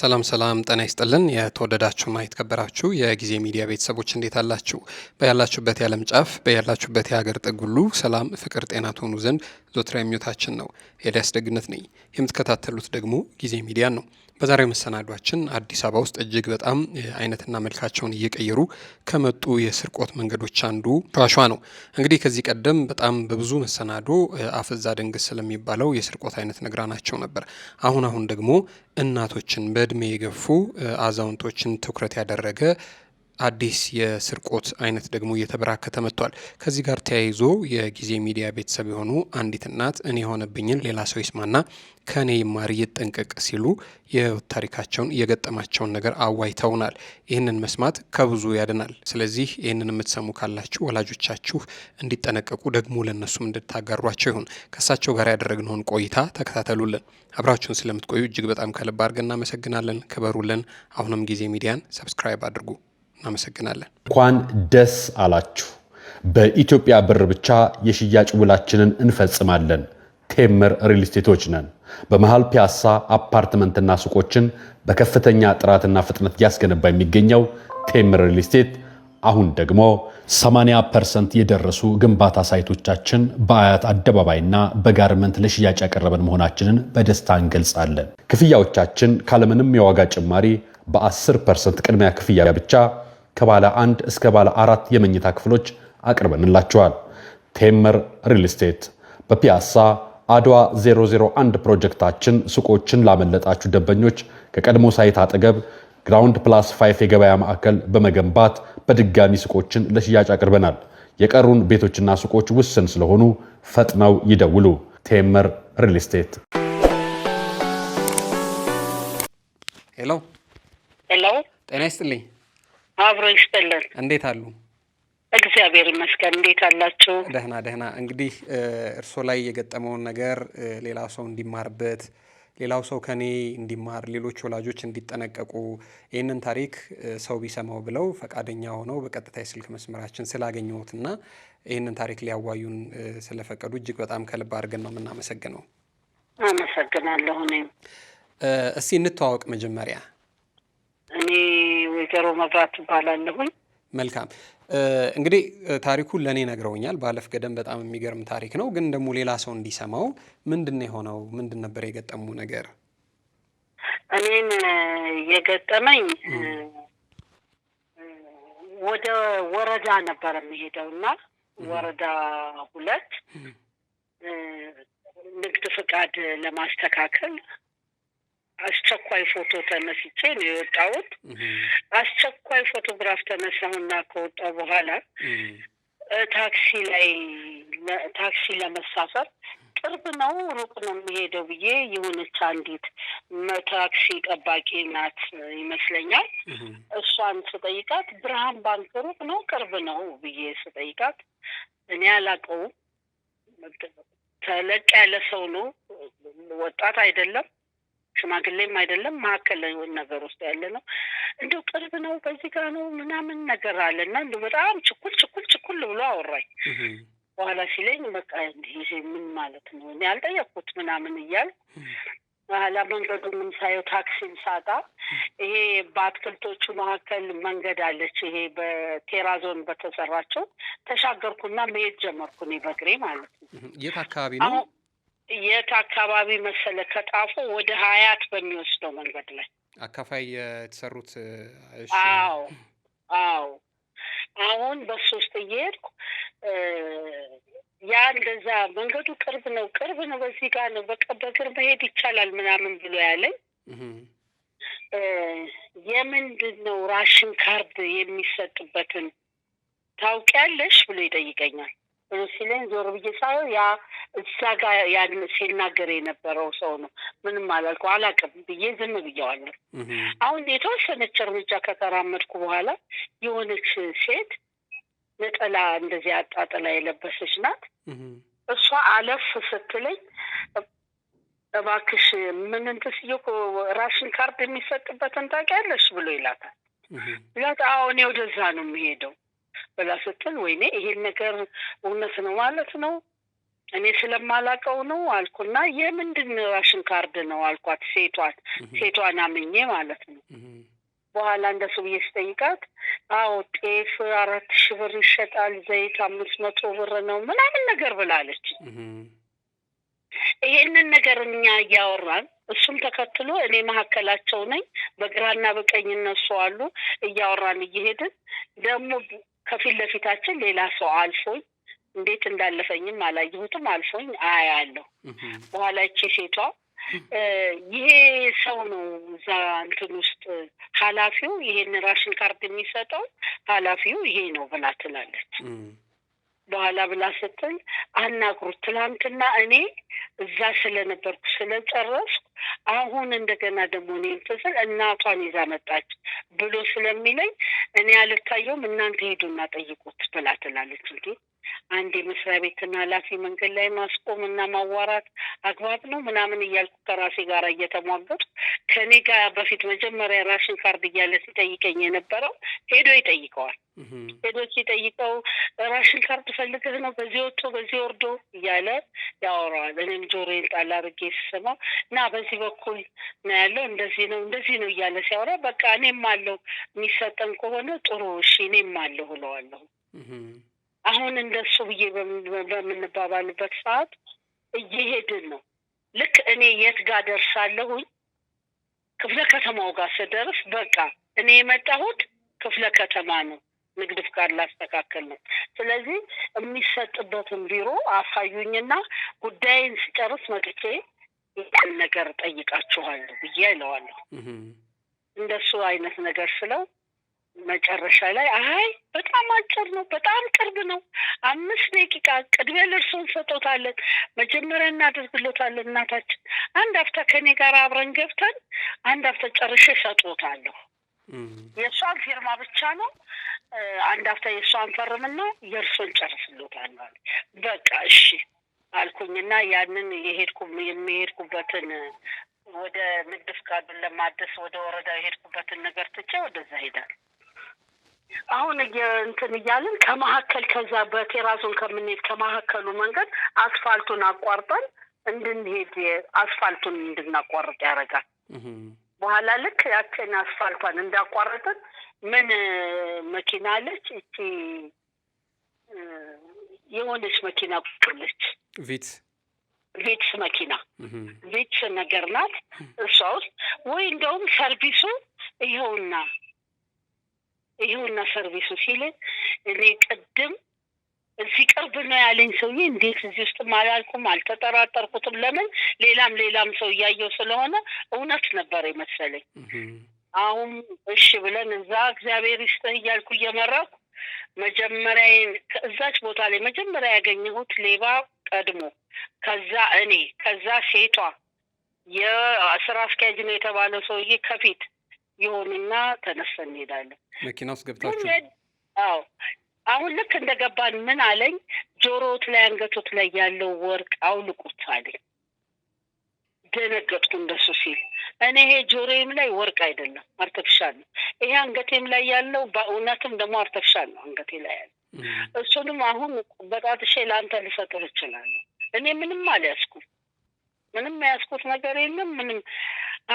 ሰላም ሰላም ጤና ይስጥልን። የተወደዳችሁና የተከበራችሁ የጊዜ ሚዲያ ቤተሰቦች እንዴት አላችሁ? በያላችሁበት የዓለም ጫፍ በያላችሁበት የሀገር ጥግ ሁሉ ሰላም፣ ፍቅር፣ ጤና ትሆኑ ዘንድ ዞትራ ምኞታችን ነው። ኤልያስ ደግነት ነኝ። የምትከታተሉት ደግሞ ጊዜ ሚዲያን ነው። በዛሬው መሰናዷችን አዲስ አበባ ውስጥ እጅግ በጣም አይነትና መልካቸውን እየቀየሩ ከመጡ የስርቆት መንገዶች አንዱ ሿሿ ነው። እንግዲህ ከዚህ ቀደም በጣም በብዙ መሰናዶ አፈዛ ድንግስ ስለሚባለው የስርቆት አይነት ነግራናቸው ነበር። አሁን አሁን ደግሞ እናቶችን በ በእድሜ የገፉ አዛውንቶችን ትኩረት ያደረገ አዲስ የስርቆት አይነት ደግሞ እየተበራከተ መጥቷል። ከዚህ ጋር ተያይዞ የጊዜ ሚዲያ ቤተሰብ የሆኑ አንዲት እናት እኔ የሆነብኝን ሌላ ሰው ይስማና ከእኔ ይማር ይጠንቀቅ ሲሉ የታሪካቸውን የገጠማቸውን ነገር አዋይተውናል። ይህንን መስማት ከብዙ ያድናል። ስለዚህ ይህንን የምትሰሙ ካላችሁ ወላጆቻችሁ እንዲጠነቀቁ ደግሞ ለእነሱም እንድታጋሯቸው ይሁን። ከእሳቸው ጋር ያደረግነውን ቆይታ ተከታተሉልን። አብራችሁን ስለምትቆዩ እጅግ በጣም ከልብ አድርገን እናመሰግናለን። ክበሩልን። አሁንም ጊዜ ሚዲያን ሰብስክራይብ አድርጉ። እናመሰግናለን። እንኳን ደስ አላችሁ። በኢትዮጵያ ብር ብቻ የሽያጭ ውላችንን እንፈጽማለን። ቴምር ሪል ነን። በመሃል ፒያሳ አፓርትመንትና ሱቆችን በከፍተኛ ጥራትና ፍጥነት እያስገነባ የሚገኘው ቴምር ሪል ስቴት አሁን ደግሞ 80 ፐርሰንት የደረሱ ግንባታ ሳይቶቻችን በአያት አደባባይና በጋርመንት ለሽያጭ ያቀረበን መሆናችንን በደስታ እንገልጻለን። ክፍያዎቻችን ካለምንም የዋጋ ጭማሪ በ10 ፐርሰንት ቅድሚያ ክፍያ ብቻ ከባለ አንድ እስከ ባለ አራት የመኝታ ክፍሎች አቅርበንላቸዋል። ቴምር ሪል ስቴት በፒያሳ አድዋ 001 ፕሮጀክታችን ሱቆችን ላመለጣችሁ ደንበኞች ከቀድሞ ሳይት አጠገብ ግራውንድ ፕላስ 5 የገበያ ማዕከል በመገንባት በድጋሚ ሱቆችን ለሽያጭ አቅርበናል። የቀሩን ቤቶችና ሱቆች ውስን ስለሆኑ ፈጥነው ይደውሉ። ቴምር ሪል ስቴት። ሄሎ ጤና ይስጥልኝ። አብሮ ይስጥልን። እንዴት አሉ? እግዚአብሔር ይመስገን። እንዴት አላችሁ? ደህና ደህና። እንግዲህ እርሶ ላይ የገጠመውን ነገር ሌላ ሰው እንዲማርበት፣ ሌላው ሰው ከኔ እንዲማር፣ ሌሎች ወላጆች እንዲጠነቀቁ ይህንን ታሪክ ሰው ቢሰማው ብለው ፈቃደኛ ሆነው በቀጥታ የስልክ መስመራችን እና ይህንን ታሪክ ሊያዋዩን ስለፈቀዱ እጅግ በጣም ከልብ አድርገን ነው የምናመሰግነው። አመሰግናለሁ። እኔም እስቲ እንተዋወቅ መጀመሪያ እኔ ወይዘሮ መብራት እባላለሁኝ። መልካም እንግዲህ ታሪኩን ለእኔ ነግረውኛል። ባለፍ ገደም በጣም የሚገርም ታሪክ ነው፣ ግን ደግሞ ሌላ ሰው እንዲሰማው ምንድን የሆነው ምንድን ነበር የገጠሙ ነገር? እኔን የገጠመኝ ወደ ወረዳ ነበር የሚሄደው እና ወረዳ ሁለት ንግድ ፍቃድ ለማስተካከል አስቸኳይ ፎቶ ተነስቼ ነው የወጣሁት። አስቸኳይ ፎቶግራፍ ተነሳሁና ከወጣሁ በኋላ ታክሲ ላይ ታክሲ ለመሳፈር ቅርብ ነው ሩቅ ነው የሚሄደው ብዬ የሆነች አንዲት ታክሲ ጠባቂ ናት ይመስለኛል። እሷን ስጠይቃት ብርሃን ባንክ ሩቅ ነው ቅርብ ነው ብዬ ስጠይቃት እኔ አላውቀውም፣ ተለቅ ያለ ሰው ነው፣ ወጣት አይደለም ሽማግሌም አይደለም መካከል ላይ ነገር ውስጥ ያለ ነው። እንደው ቅርብ ነው በዚህ ጋር ነው ምናምን ነገር አለ እና እንደው በጣም ችኩል ችኩል ችኩል ብሎ አወራኝ። በኋላ ሲለኝ በቃ ይሄ ምን ማለት ነው እኔ ያልጠየቅኩት ምናምን እያል በኋላ መንገዱንም ሳየው ታክሲን ሳጣ ይሄ በአትክልቶቹ መካከል መንገድ አለች። ይሄ በቴራዞን በተሰራቸው ተሻገርኩና መሄድ ጀመርኩ እኔ በግሬ ማለት ነው። የት አካባቢ ነው? የት አካባቢ መሰለ ከጣፎ ወደ ሀያት በሚወስደው መንገድ ላይ አካፋይ የተሰሩት። አዎ አዎ። አሁን በሱ ውስጥ እየሄድኩ ያ እንደዛ መንገዱ ቅርብ ነው ቅርብ ነው፣ በዚህ ጋር ነው፣ በቃ በእግር መሄድ ይቻላል ምናምን ብሎ ያለኝ የምንድን ነው ራሽን ካርድ የሚሰጥበትን ታውቂያለሽ ብሎ ይጠይቀኛል። ሲለኝ ዞር ብዬ ሳየው ያ እዛ ጋ ያን ሲናገር የነበረው ሰው ነው። ምንም አላልኩ አላቅም ብዬ ዝም ብዬዋለሁ። አሁን የተወሰነች እርምጃ ከተራመድኩ በኋላ የሆነች ሴት ነጠላ እንደዚህ አጣጥላ የለበሰች ናት። እሷ አለፍ ስትለኝ እባክሽ ምን እንትን ስዬ ራሽን ካርድ የሚሰጥበትን ታውቂያለሽ ብሎ ይላታል። ብላት አዎ እኔ ወደዛ ነው የሚሄደው ብላ ስትል ወይኔ ይሄን ነገር እውነት ነው ማለት ነው እኔ ስለማላቀው ነው አልኩና የምንድን ራሽን ካርድ ነው አልኳት። ሴቷን ሴቷን አምኜ ማለት ነው። በኋላ እንደሱ ብዬ ስጠይቃት፣ አዎ ጤፍ አራት ሺ ብር ይሸጣል፣ ዘይት አምስት መቶ ብር ነው ምናምን ነገር ብላለች። ይሄንን ነገር እኛ እያወራን እሱም ተከትሎ እኔ መካከላቸው ነኝ፣ በግራና በቀኝ እነሱ አሉ። እያወራን እየሄድን ደግሞ ከፊት ለፊታችን ሌላ ሰው አልፎኝ እንዴት እንዳለፈኝም አላየሁትም። አልፎኝ አያለሁ። በኋላ ይቺ ሴቷ ይሄ ሰው ነው እዛ እንትን ውስጥ ኃላፊው ይሄን ራሽን ካርድ የሚሰጠው ኃላፊው ይሄ ነው ብላ ትላለች። በኋላ ብላ ስትል አናግሩት። ትላንትና እኔ እዛ ስለነበርኩ ስለጨረስኩ አሁን እንደገና ደግሞ እኔን ትስል እናቷን ይዛ መጣች ብሎ ስለሚለኝ እኔ አልታየውም፣ እናንተ ሄዱና ጠይቁት ብላ ትላለች። እንዲ አንድ የመስሪያ ቤትና ኃላፊ መንገድ ላይ ማስቆም እና ማዋራት አግባብ ነው ምናምን እያልኩ ከራሴ ጋር እየተሟገጡ ከኔ ጋር በፊት መጀመሪያ ራሽን ካርድ እያለ ሲጠይቀኝ የነበረው ሄዶ ይጠይቀዋል። ሄዶ ሲጠይቀው ራሽን ካርድ ፈልገህ ነው በዚህ ወጥቶ በዚህ ወርዶ እያለ ያወራዋል። እኔም ጆሮዬን ጣል አድርጌ ስሰማ እና በዚህ በኩል ነው ያለው እንደዚህ ነው እንደዚህ ነው እያለ ሲያወራ በቃ እኔም አለው የሚሰጠን ከሆነ ጥሩ እሺ እኔም አለሁ እለዋለሁ። አሁን እንደሱ ብዬ በምንባባልበት ሰዓት እየሄድን ነው። ልክ እኔ የት ጋር ደርሳለሁኝ ክፍለ ከተማው ጋር ስደርስ በቃ እኔ የመጣሁት ክፍለ ከተማ ነው፣ ንግድ ፍቃድ ላስተካከል ነው። ስለዚህ የሚሰጥበትን ቢሮ አሳዩኝና ጉዳይን ስጨርስ መጥቼ ይህን ነገር ጠይቃችኋለሁ ብዬ አይለዋለሁ። እንደሱ አይነት ነገር ስለው መጨረሻ ላይ አይ በጣም አጭር ነው፣ በጣም ቅርብ ነው፣ አምስት ደቂቃ ቅድሚያ ለእርሶ እንሰጦታለን፣ መጀመሪያ እናደርግሎታለን። እናታችን አንድ አፍታ ከኔ ጋር አብረን ገብተን አንድ አፍታ ጨርሼ እሰጦታለሁ። የእሷን ፊርማ ብቻ ነው። አንድ አፍታ የእሷን ፈርምና የእርሶን ጨርስሎታለሁ። በቃ እሺ አልኩኝና ያንን የሄድኩ የሚሄድኩበትን ወደ ንግድ ፍቃዱን ለማደስ ወደ ወረዳ የሄድኩበትን ነገር ትቼ ወደዛ ሄዳል። አሁን እንትን እያለን ከመሀከል ከዛ በቴራዞን ከምንሄድ ከመሀከሉ መንገድ አስፋልቱን አቋርጠን እንድንሄድ አስፋልቱን እንድናቋርጥ ያደርጋል። በኋላ ልክ ያችን አስፋልቷን እንዳቋረጥን ምን መኪና አለች እቺ የሆነች መኪና ቁጭለች ቪት ቪትስ መኪና ቪትስ ነገር ናት። እሷ ውስጥ ወይ እንደውም ሰርቪሱ ይኸውና ይኸውና ሰርቪሱ ሲል እኔ ቅድም እዚህ ቅርብ ነው ያለኝ ሰውዬ እንዴት እዚህ ውስጥም አላልኩም፣ አልተጠራጠርኩትም። ለምን ሌላም ሌላም ሰው እያየው ስለሆነ እውነት ነበር የመሰለኝ። አሁን እሺ ብለን እዛ እግዚአብሔር ይስጥህ እያልኩ እየመራኩ መጀመሪያ ከእዛች ቦታ ላይ መጀመሪያ ያገኘሁት ሌባ ቀድሞ፣ ከዛ እኔ፣ ከዛ ሴቷ የስራ አስኪያጅ ነው የተባለው ሰውዬ ከፊት ይሆንና ተነስተን እንሄዳለን። መኪና ውስጥ ገብታችሁ? አዎ። አሁን ልክ እንደገባን ምን አለኝ፣ ጆሮት ላይ አንገቶት ላይ ያለው ወርቅ አውልቁት አለኝ። ደነገጥኩ እንደሱ ሲል። እኔ ይሄ ጆሮዬም ላይ ወርቅ አይደለም አርተፍሻል ነው፣ ይሄ አንገቴም ላይ ያለው በእውነትም ደግሞ አርተፍሻል ነው አንገቴ ላይ ያለው። እሱንም አሁን በጣትሼ ለአንተ ልሰጥህ እችላለሁ። እኔ ምንም አልያዝኩም፣ ምንም የያዝኩት ነገር የለም ምንም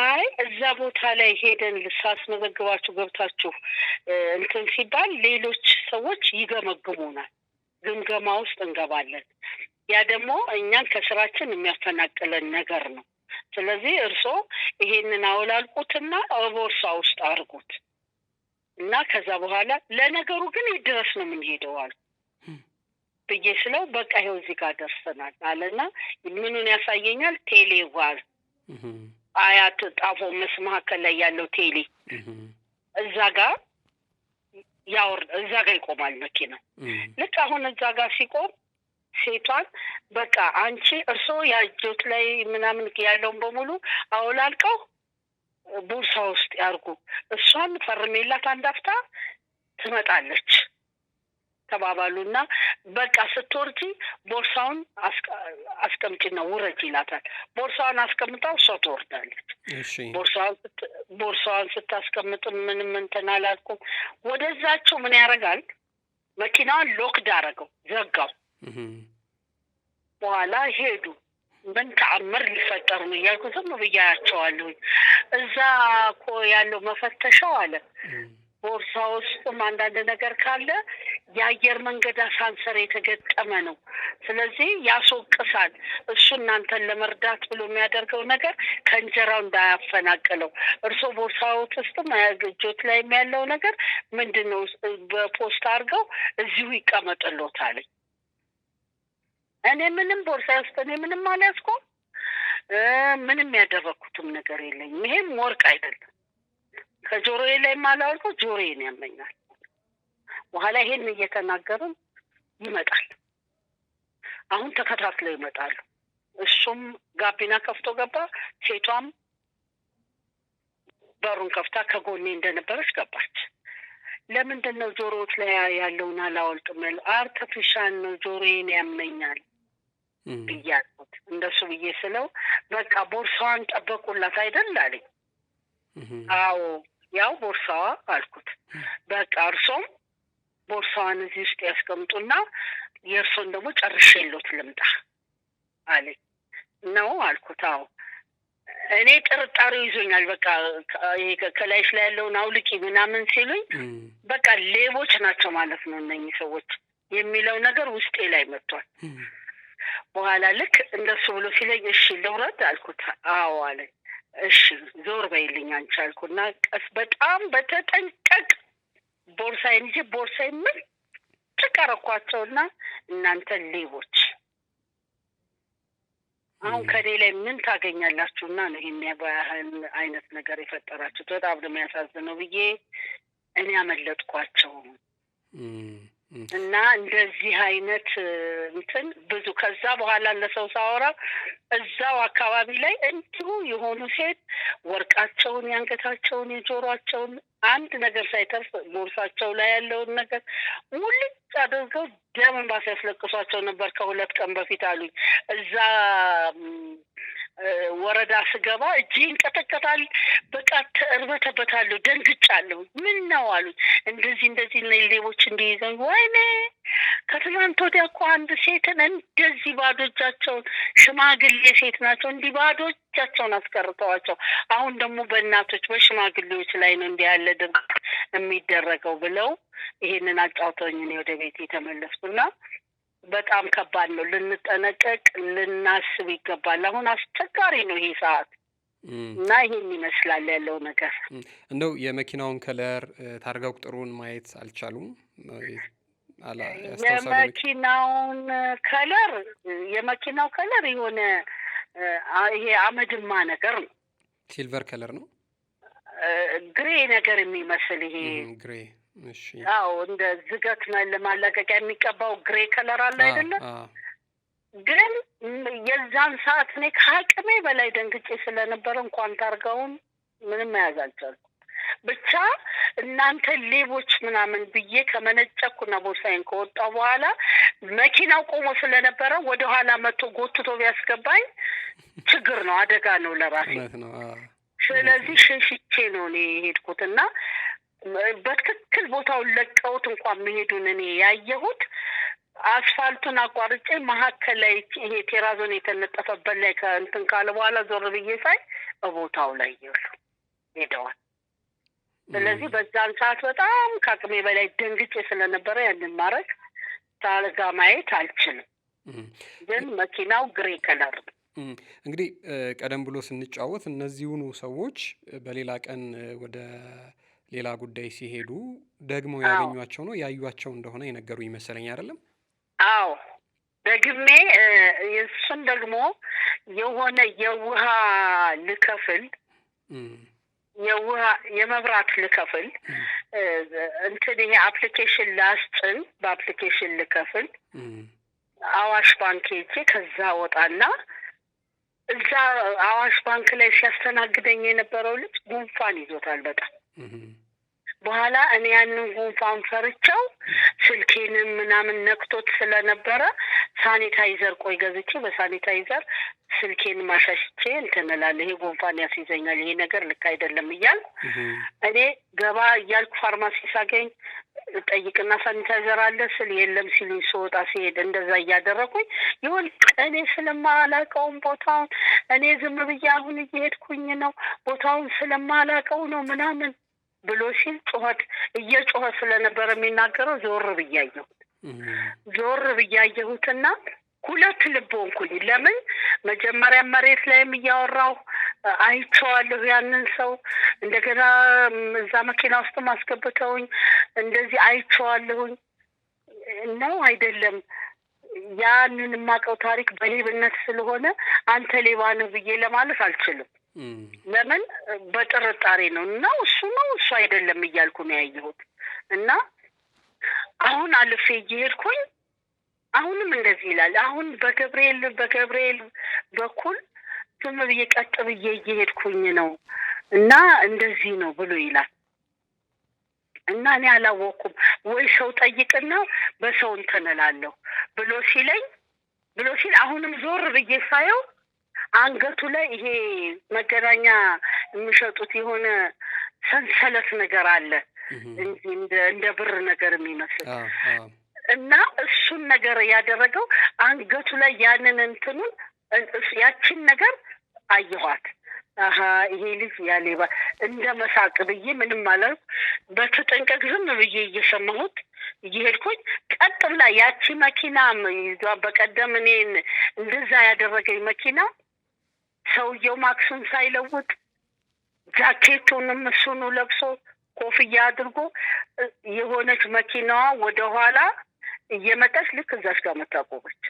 አይ እዛ ቦታ ላይ ሄደን ሳስመዘግባችሁ ገብታችሁ እንትን ሲባል ሌሎች ሰዎች ይገመግሙናል። ግምገማ ውስጥ እንገባለን። ያ ደግሞ እኛን ከስራችን የሚያፈናቅለን ነገር ነው። ስለዚህ እርስዎ ይሄንን አውላልቁትና ቦርሳ ውስጥ አድርጉት እና ከዛ በኋላ ለነገሩ ግን ይድረስ ነው የምንሄደው አሉ ብዬ ስለው በቃ ይኸው እዚህ ጋር ደርሰናል አለና ምኑን ያሳየኛል ቴሌ አያት ጣፎ ምስ መካከል ላይ ያለው ቴሌ እዛ ጋር ያወር እዛ ጋር ይቆማል መኪናው። ልክ አሁን እዛ ጋር ሲቆም ሴቷን በቃ አንቺ እርስዎ ያጆት ላይ ምናምን ያለውን በሙሉ አውላልቀው ቦርሳ ውስጥ ያርጉ፣ እሷን ፈርሜላት አንዳፍታ ትመጣለች ተባባሉ እና በቃ ስትወርጂ ቦርሳውን ነው ውረጅ ይላታል። ቦርሳዋን አስቀምጣው እሷ ትወርዳለች። ቦርሳዋን ስታስቀምጥ ምንም እንትን አላልኩም። ወደዛቸው ምን ያደርጋል? መኪናዋን ሎክድ አረገው ዘጋው። በኋላ ሄዱ። ምን ተአምር ሊፈጠሩ ነው እያልኩ ዝም ብያቸዋለሁኝ። እዛ እኮ ያለው መፈተሻው አለ ቦርሳ ውስጥም አንዳንድ ነገር ካለ የአየር መንገድ አሳንሰር የተገጠመ ነው። ስለዚህ ያስወቅሳል። እሱ እናንተን ለመርዳት ብሎ የሚያደርገው ነገር ከእንጀራው እንዳያፈናቅለው። እርስዎ ቦርሳዎት ውስጥም እጆት ላይ ያለው ነገር ምንድን ነው? በፖስት አድርገው እዚሁ አለኝ። እኔ ምንም ቦርሳ ውስጥ እኔ ምንም አልያዝኩም። ምንም ያደረግኩትም ነገር የለኝም። ይሄም ወርቅ አይደለም። ከጆሮዬ ላይ ማላወልቆ ጆሮዬን ያመኛል። በኋላ ይሄን እየተናገሩ ይመጣል። አሁን ተከታትለው ይመጣሉ። እሱም ጋቢና ከፍቶ ገባ። ሴቷም በሩን ከፍታ ከጎኔ እንደነበረች ገባች። ለምንድን ነው ጆሮዎች ላይ ያለውን አላወልቅም? አርተፊሻል ነው ጆሮዬን ያመኛል ብያልኩት። እንደሱ ብዬ ስለው በቃ ቦርሳዋን ጠበቁላት አይደል አለኝ። አዎ ያው ቦርሳዋ አልኩት። በቃ እርሶም ቦርሳዋን እዚህ ውስጥ ያስቀምጡና የእርሶን ደግሞ ጨርሼ የለት ልምጣ አለኝ። ነው አልኩት። አዎ እኔ ጥርጣሬው ይዞኛል። በቃ ከላይሽ ላይ ያለውን አውልቂ ምናምን ሲሉኝ በቃ ሌቦች ናቸው ማለት ነው እነኚህ ሰዎች የሚለው ነገር ውስጤ ላይ መጥቷል። በኋላ ልክ እንደሱ ብሎ ሲለኝ እሺ ልውረድ አልኩት። አዎ አለኝ። እሺ ዞር በይልኝ አንቺ አልኩና ቀስ በጣም በተጠንቀቅ ቦርሳዬን እንጂ ቦርሳዬን ምን ተቀረኳቸውና እናንተ ሌቦች አሁን ከኔ ላይ ምን ታገኛላችሁና ነው ይሄን ያህል አይነት ነገር የፈጠራችሁት? በጣም ነው የሚያሳዝነው ብዬ እኔ ያመለጥኳቸው እና እንደዚህ አይነት እንትን ብዙ ከዛ በኋላ ለሰው ሳወራ እዛው አካባቢ ላይ እንዲሁ የሆኑ ሴት ወርቃቸውን፣ የአንገታቸውን፣ የጆሯቸውን አንድ ነገር ሳይተርፍ ቦርሳቸው ላይ ያለውን ነገር ሙልጭ አድርገው ደም እንባ ሲያስለቅሷቸው ነበር ከሁለት ቀን በፊት አሉኝ እዛ ወረዳ ስገባ እጅ ይንቀጠቀጣል። በቃ ተእርበተበታለሁ፣ ደንግጫለሁ። ምን ነው አሉት። እንደዚህ እንደዚህ ሌቦች እንዲይዘኝ። ወይኔ ከትናንት ወዲያ እኮ አንድ ሴትን እንደዚህ ባዶ እጃቸውን፣ ሽማግሌ ሴት ናቸው፣ እንዲህ ባዶ እጃቸውን አስቀርተዋቸው፣ አሁን ደግሞ በእናቶች በሽማግሌዎች ላይ ነው እንዲህ ያለ ድርጊት የሚደረገው ብለው ይሄንን አጫውተውኝ እኔ ወደ ቤት የተመለስኩና በጣም ከባድ ነው። ልንጠነቀቅ ልናስብ ይገባል። አሁን አስቸጋሪ ነው ይሄ ሰዓት እና ይሄን ይመስላል ያለው ነገር። እንደው የመኪናውን ከለር ታርጋ ቁጥሩን ማየት አልቻሉም? የመኪናውን ከለር የመኪናው ከለር የሆነ ይሄ አመድማ ነገር ነው። ሲልቨር ከለር ነው፣ ግሬ ነገር የሚመስል ይሄ ግሬ ያው እንደ ዝገት ለማለቀቂያ የሚቀባው ግሬ ከለር አለ አይደለም። ግን የዛን ሰዓት እኔ ከአቅሜ በላይ ደንግጬ ስለነበረ እንኳን ታርጋውን ምንም መያዝ አልቻልኩም። ብቻ እናንተ ሌቦች ምናምን ብዬ ከመነጨኩና ቦርሳዬን ከወጣሁ በኋላ መኪናው ቆሞ ስለነበረ ወደኋላ መቶ ጎትቶ ቢያስገባኝ ችግር ነው፣ አደጋ ነው ለራሴ። ስለዚህ ሸሽቼ ነው እኔ የሄድኩት እና በትክክል ትክክል ቦታውን ለቀውት እንኳን መሄዱን እኔ ያየሁት አስፋልቱን አቋርጬ መካከል ላይ ይሄ ቴራዞን የተነጠፈበት ላይ ከእንትን ካለ በኋላ ዞር ብዬ ሳይ በቦታው ላይ ይሉ ሄደዋል። ስለዚህ በዛን ሰዓት በጣም ከአቅሜ በላይ ደንግጬ ስለነበረ ያንን ማድረግ ታልጋ ማየት አልችልም። ግን መኪናው ግሬ ከለር ነው። እንግዲህ ቀደም ብሎ ስንጫወት እነዚሁኑ ሰዎች በሌላ ቀን ወደ ሌላ ጉዳይ ሲሄዱ ደግሞ ያገኟቸው ነው ያዩቸው እንደሆነ የነገሩ ይመሰለኝ አይደለም? አዎ ደግሜ እሱን ደግሞ የሆነ የውሃ ልከፍል የውሃ የመብራት ልከፍል እንትን ይሄ አፕሊኬሽን ላስጭን በአፕሊኬሽን ልከፍል አዋሽ ባንክ ሄጄ ከዛ ወጣና እዛ አዋሽ ባንክ ላይ ሲያስተናግደኝ የነበረው ልጅ ጉንፋን ይዞታል በጣም በኋላ እኔ ያንን ጉንፋን ፈርቸው ስልኬንም ምናምን ነክቶት ስለነበረ ሳኒታይዘር ቆይ ገዝቼ በሳኒታይዘር ስልኬን ማሻሽቼ እንትንላለ ይሄ ጉንፋን ያስይዘኛል፣ ይሄ ነገር ልክ አይደለም እያልኩ እኔ ገባ እያልኩ ፋርማሲ ሳገኝ ጠይቅና ሳኒታይዘር አለ ስል የለም ሲሉኝ ስወጣ ሲሄድ እንደዛ እያደረኩኝ ይሁን እኔ ስለማላቀውን ቦታውን እኔ ዝም ብዬ አሁን እየሄድኩኝ ነው ቦታውን ስለማላቀው ነው ምናምን ብሎ ሲል ጩኸት እየጮኸ ስለነበረ የሚናገረው ዞር ብያየሁት ዞር ብያየሁትና ሁለት ልብ ሆንኩኝ። ለምን መጀመሪያ መሬት ላይም እያወራው አይቼዋለሁ ያንን ሰው እንደገና እዛ መኪና ውስጥ አስገብተውኝ እንደዚህ አይቼዋለሁኝ ነው አይደለም ያንን የማውቀው ታሪክ በሌብነት ስለሆነ አንተ ሌባ ነህ ብዬ ለማለት አልችልም። ለምን በጥርጣሬ ነው እና እሱ ነው እሱ አይደለም እያልኩ ነው ያየሁት። እና አሁን አልፌ እየሄድኩኝ አሁንም እንደዚህ ይላል። አሁን በገብርኤል በገብርኤል በኩል ዝም ብዬ ቀጥ ብዬ እየሄድኩኝ ነው እና እንደዚህ ነው ብሎ ይላል። እና እኔ አላወቅኩም ወይ ሰው ጠይቅና በሰው እንትን እላለሁ ብሎ ሲለኝ ብሎ ሲል አሁንም ዞር ብዬ ሳየው አንገቱ ላይ ይሄ መገናኛ የሚሸጡት የሆነ ሰንሰለት ነገር አለ እንደ ብር ነገር የሚመስል እና እሱን ነገር ያደረገው አንገቱ ላይ ያንን እንትኑን ያችን ነገር አየኋት። አሀ ይሄ ልጅ ያሌባ እንደ መሳቅ ብዬ ምንም አላልኩ። በተጠንቀቅ ዝም ብዬ እየሰማሁት እየሄድኩኝ ቀጥ ብላ ያቺ መኪና በቀደም እኔን እንደዛ ያደረገኝ መኪና ሰውየው ማክሱን ሳይለውጥ ጃኬቱንም እሱኑ ለብሶ ኮፍያ አድርጎ የሆነች መኪናዋ ወደኋላ እየመጣች ልክ እዛች ጋር መታቆበች።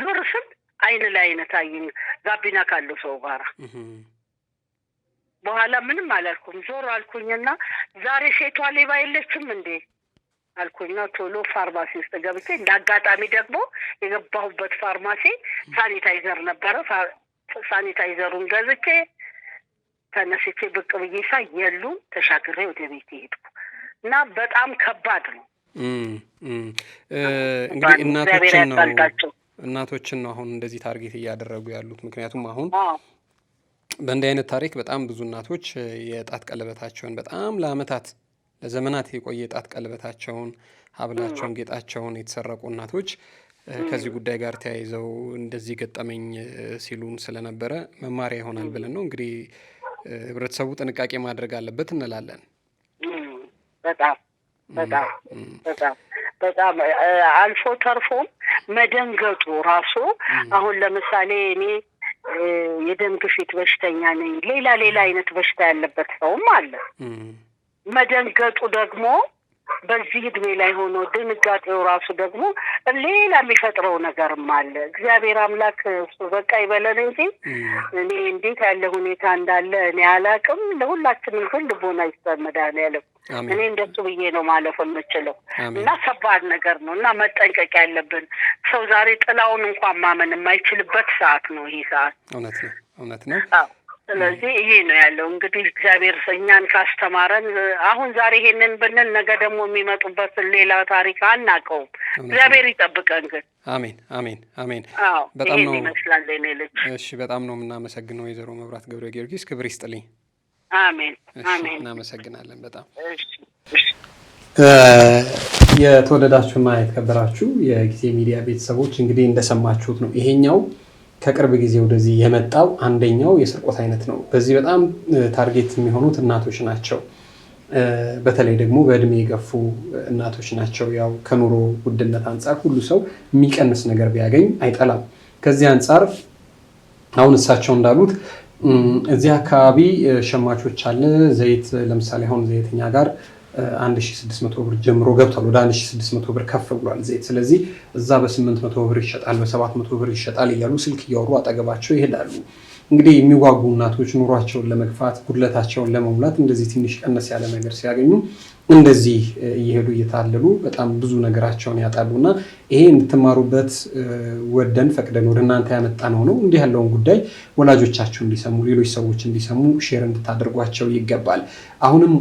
ዞር ስል አይን ላይ ታየኝ ጋቢና ካለው ሰው ጋር በኋላ ምንም አላልኩም። ዞር አልኩኝና ዛሬ ሴቷ ሌባ የለችም እንዴ አልኩኝና ቶሎ ፋርማሲ ውስጥ ገብቼ እንደ አጋጣሚ ደግሞ የገባሁበት ፋርማሲ ሳኒታይዘር ነበረ። ሳኒታይዘሩን ገዝቼ ተነስቼ ብቅ ብዬ ሳ የሉም። ተሻግሬ ወደ ቤት ሄድኩ እና በጣም ከባድ ነው። እንግዲህ እናቶችን ነው እናቶችን ነው አሁን እንደዚህ ታርጌት እያደረጉ ያሉት። ምክንያቱም አሁን በእንዲህ አይነት ታሪክ በጣም ብዙ እናቶች የጣት ቀለበታቸውን በጣም ለአመታት ለዘመናት የቆየ የጣት ቀለበታቸውን፣ ሀብላቸውን፣ ጌጣቸውን የተሰረቁ እናቶች ከዚህ ጉዳይ ጋር ተያይዘው እንደዚህ ገጠመኝ ሲሉን ስለነበረ መማሪያ ይሆናል ብለን ነው እንግዲህ ህብረተሰቡ ጥንቃቄ ማድረግ አለበት እንላለን። በጣም በጣም በጣም አልፎ ተርፎም መደንገጡ ራሱ አሁን ለምሳሌ እኔ የደም ግፊት በሽተኛ ነኝ፣ ሌላ ሌላ አይነት በሽታ ያለበት ሰውም አለ። መደንገጡ ደግሞ በዚህ እድሜ ላይ ሆኖ ድንጋጤው ራሱ ደግሞ ሌላ የሚፈጥረው ነገርም አለ። እግዚአብሔር አምላክ እሱ በቃ ይበለን እንጂ እኔ እንዴት ያለ ሁኔታ እንዳለ እኔ አላቅም። ለሁላችንም ግን ልቦና ይስጠን መድኃኒዓለም። እኔ እንደሱ ብዬ ነው ማለፍ የምችለው እና ከባድ ነገር ነው እና መጠንቀቅ ያለብን ሰው ዛሬ ጥላውን እንኳን ማመን የማይችልበት ሰዓት ነው ይህ ሰዓት። እውነት ነው፣ እውነት ነው። ስለዚህ ይሄ ነው ያለው። እንግዲህ እግዚአብሔር እኛን ካስተማረን አሁን ዛሬ ይሄንን ብንል ነገ ደግሞ የሚመጡበትን ሌላ ታሪክ አናውቀውም። እግዚአብሔር ይጠብቀን። ግን አሜን፣ አሜን፣ አሜን። በጣም ነው እሺ፣ በጣም ነው የምናመሰግነው ወይዘሮ መብራት ገብረ ጊዮርጊስ። ክብር ይስጥልኝ። አሜን፣ አሜን። እናመሰግናለን በጣም የተወደዳችሁና የተከበራችሁ የጊዜ ሚዲያ ቤተሰቦች እንግዲህ እንደሰማችሁት ነው ይሄኛው ከቅርብ ጊዜ ወደዚህ የመጣው አንደኛው የስርቆት አይነት ነው። በዚህ በጣም ታርጌት የሚሆኑት እናቶች ናቸው። በተለይ ደግሞ በእድሜ የገፉ እናቶች ናቸው። ያው ከኑሮ ውድነት አንጻር ሁሉ ሰው የሚቀንስ ነገር ቢያገኝ አይጠላም። ከዚህ አንጻር አሁን እሳቸው እንዳሉት እዚህ አካባቢ ሸማቾች አለ ዘይት ለምሳሌ አሁን ዘይተኛ ጋር 1600 ብር ጀምሮ ገብቷል። ወደ 1600 ብር ከፍ ብሏል ዘይት። ስለዚህ እዛ በ800 ብር ይሸጣል፣ በ700 ብር ይሸጣል እያሉ ስልክ እያወሩ አጠገባቸው ይሄዳሉ። እንግዲህ የሚዋጉ እናቶች ኑሯቸውን ለመግፋት ጉድለታቸውን ለመሙላት እንደዚህ ትንሽ ቀነስ ያለ ነገር ሲያገኙ እንደዚህ እየሄዱ እየታለሉ በጣም ብዙ ነገራቸውን ያጣሉ እና ይሄ እንድትማሩበት ወደን ፈቅደን ወደ እናንተ ያመጣነው ነው። እንዲህ ያለውን ጉዳይ ወላጆቻችሁ እንዲሰሙ፣ ሌሎች ሰዎች እንዲሰሙ ሼር እንድታደርጓቸው ይገባል። አሁንም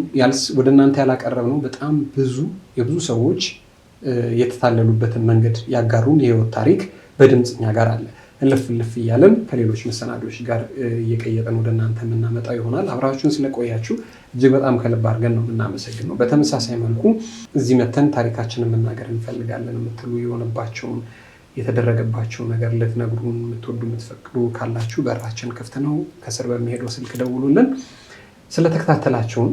ወደ እናንተ ያላቀረብ ነው በጣም ብዙ የብዙ ሰዎች የተታለሉበትን መንገድ ያጋሩን የህይወት ታሪክ በድምፅ እኛ ጋር አለ። እልፍ እልፍ እያለን ከሌሎች መሰናዶች ጋር እየቀየጠን ወደ እናንተ የምናመጣው ይሆናል። አብራችሁን ስለቆያችሁ እጅግ በጣም ከልብ አድርገን ነው የምናመሰግነው። በተመሳሳይ መልኩ እዚህ መተን ታሪካችንን መናገር እንፈልጋለን የምትሉ የሆነባቸውን የተደረገባቸው ነገር ልትነግሩን የምትወዱ የምትፈቅዱ ካላችሁ በራችን ክፍት ነው። ከስር በሚሄደው ስልክ ደውሉልን። ስለተከታተላችሁን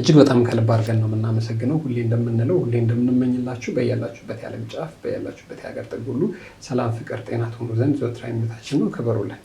እጅግ በጣም ከልብ አድርገን ነው የምናመሰግነው። ሁሌ እንደምንለው ሁሌ እንደምንመኝላችሁ በያላችሁበት የዓለም ጫፍ በያላችሁበት የሀገር ጥግ ሁሉ ሰላም፣ ፍቅር፣ ጤና ትሆኑ ዘንድ ዘወትር ምኞታችን ነው። ክበሩልን።